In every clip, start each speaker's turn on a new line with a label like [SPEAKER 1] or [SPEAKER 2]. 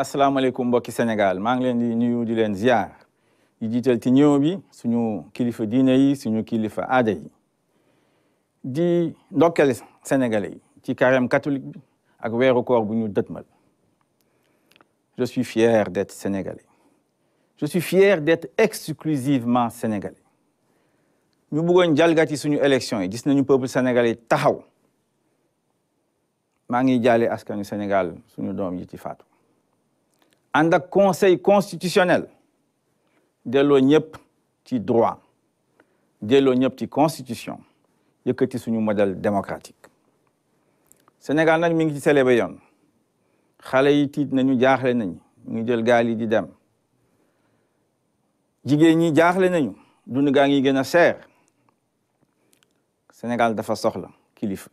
[SPEAKER 1] asalaamaaleykum mbokki Sénégal maa ngi leen di nuyu di leen ziar di jiital ci ñëw bi suñu kilifa diine yi suñu kilifa aada yi di ndokkeel sénégalais yi ci carême catholique bi ak weeru koor bu ñu dëtmal je suis fier d'être sénégalais je suis fier d'être exclusivement sénégalais ñu buggoon jalgati suñu élection yi gis nañu peuple sénégalais taxaw maa ngi jaale askanu Sénégal suñu doom yi ci faatu ànd ak conseil constitutionnel delloo ñëpp ci droit delloo ñëpp ci constitution yëkkati suñu modèle démocratique Sénégal nag mi ngi ci célébé yoon xale yi tiit nañu jaaxle nañu ngi jël gaal yi di dem jigéen ñi jaaxle nañu dund gaa ngi gën a seer Sénégal dafa soxla kilifa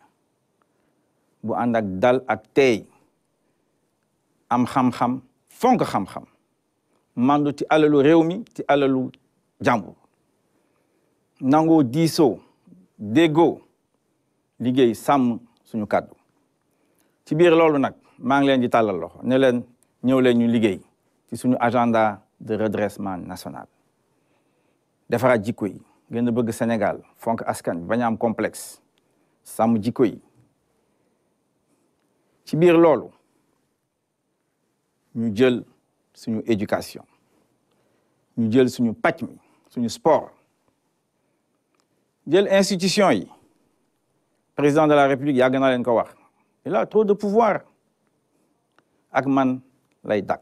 [SPEAKER 1] bu ànd ak dal ak tey am xam-xam fonk xam-xam mandu ci alalu réew mi ci alalu jàmbur nangoo diisoo déggoo liggéey sàmm suñu kàddu ci biir loolu nag maa ngi leen di tàllal loxo ne leen ñëw leen ñu liggéey ci suñu agenda de redressement national defaraat jikko yi gën bëgg Sénégal fonk askan bañ a am complexe sàmm jikko yi ci biir loolu ñu jël suñu éducation ñu jël suñu pàcc mi suñu sport jël institution yi président de la république yàgg naa leen ko wax il a trop de pouvoir ak man lay dak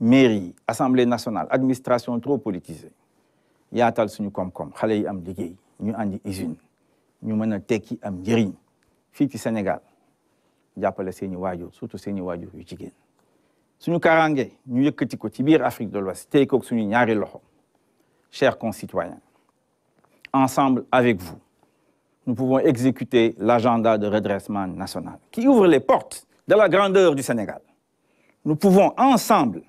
[SPEAKER 1] mairie assemblée nationale administration trop politisée yaatal suñu koom-koom xale yi am liggéey ñu andi usine ñu mën a tekki am njëriñ fii ci Sénégal jàppale seeni waajur surtout seeni waajur yu jigéen suñu kaaraange ñu yëkkati ko ci biir Afrique de l'Ouest tey koog suñu ñaari loxo chers concitoyens ensemble avec vous nous pouvons exécuter l'agenda de redressement national qui ouvre les portes de la grandeur du Sénégal nous pouvons ensemble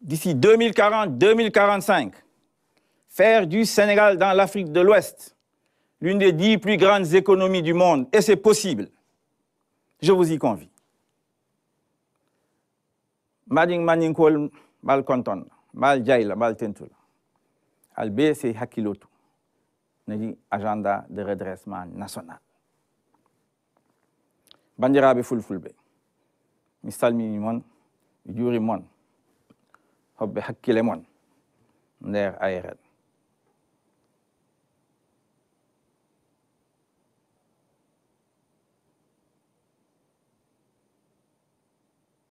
[SPEAKER 1] d'ici 2040 2045 faire du Sénégal dans l'Afrique de l'Ouest l'une des dix plus grandes économies du monde et c'est possible je vous y convie maɗin maninkol mal konton mal jayla mal tentul albe si hakkilotu nagi agenda de redressement national bandiraɓe fulfulɓe mi moon mi juuri moon hoɓɓe hakkille moon nder ayren